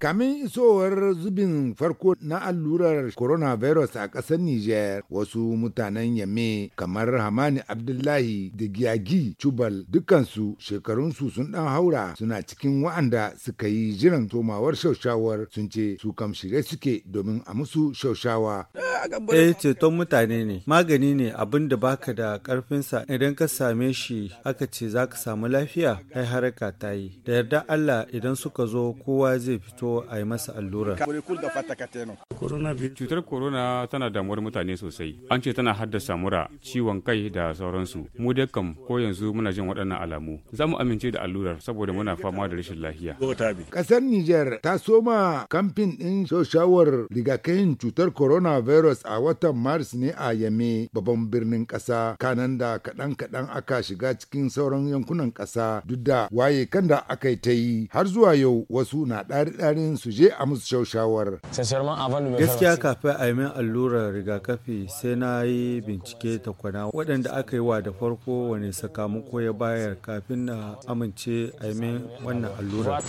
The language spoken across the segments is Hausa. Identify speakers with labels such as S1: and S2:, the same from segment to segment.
S1: Kamin isowar zubin farko na allurar coronavirus a ƙasar Nijar wasu mutanen Yame kamar Hamani Abdullahi da Giyagi Chubal dukansu shekarunsu sun ɗan haura suna cikin wa'anda suka yi jiran tomawar shaushawar sun ce su kam shirye suke domin a musu shaushawa. Eh ceton mutane ne, magani ne abin da
S2: baka da karfinsa idan ka same shi aka ce za ka samu lafiya ai haraka ta yi. Da yarda Allah idan suka zo kowa zai fito a yi masa allura.
S3: Cutar corona tana damuwar mutane sosai. An ce tana haddasa mura, ciwon kai da sauransu. Mu dai ko yanzu muna jin waɗannan alamu. Za mu amince da allurar saboda muna fama da rashin lafiya.
S1: Ƙasar Nijar ta soma kamfin ɗin shawarar rigakafin cutar coronavirus Virus a watan Maris ne a Yame babban birnin ƙasa kanan da kaɗan-kaɗan aka shiga cikin sauran yankunan ƙasa duk da waye kan da aka yi ta yi har zuwa yau wasu na ɗari-ɗarin su je a musu shaushawar. Gaskiya
S2: kafin a yi min allurar rigakafi sai na yi bincike takwana waɗanda aka yi wa da farko wani sakamako ya bayar kafin na amince a yi min wannan allurar.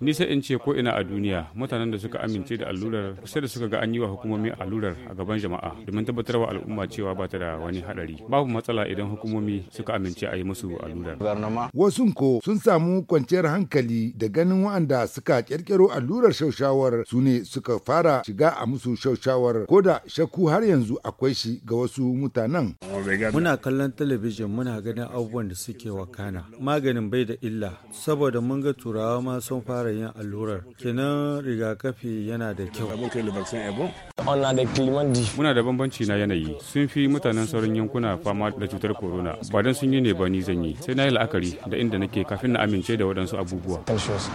S3: Ni sai in ce ko ina a duniya mutanen da suka amince da allurar sai da suka ga an yi wa hukumomi allurar a gaban jama'a domin tabbatar wa al'umma cewa ba ta da wani hadari. Babu matsala idan hukumomi suka amince a yi musu
S1: allurar. Wasun ko sun samu kwanciyar hankali da ganin wa'anda suka kirkiro allurar shaushawar su ne suka fara shiga a musu shaushawar ko da shakku har yanzu akwai shi ga wasu mutanen. Muna
S2: kallon talabijin muna ganin abubuwan da suke wakana. Maganin bai da illa saboda mun ga turawa ma sun fara yin allurar. Kenan rigakafi yana da kyau. da
S3: Muna da bambanci na yanayi sun fi mutanen sauran yankuna fama da cutar corona ba don sun yi ne ba ni zan yi sai na yi la'akari da inda nake kafin na amince da waɗansu abubuwa.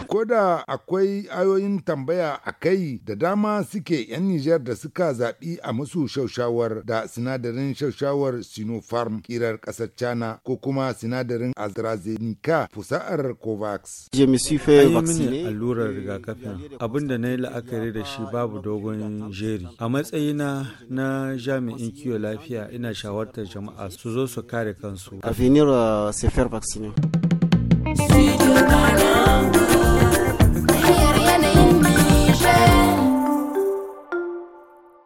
S1: Ko da akwai ayoyin tambaya a kai da dama suke 'yan Nijar da suka zaɓi a musu shaushawar da sinadarin shaushawar Sinopharm kirar ƙasar China ko kuma sinadarin AstraZeneca fusa'ar Covax. Ayi mini allurar rigakafin
S2: abinda na yi la'akari da shi babu dogon jeri A matsayina na jami'in kiwo lafiya ina shawartar jama'a su zo su kare kansu. A finira euh, se vaccine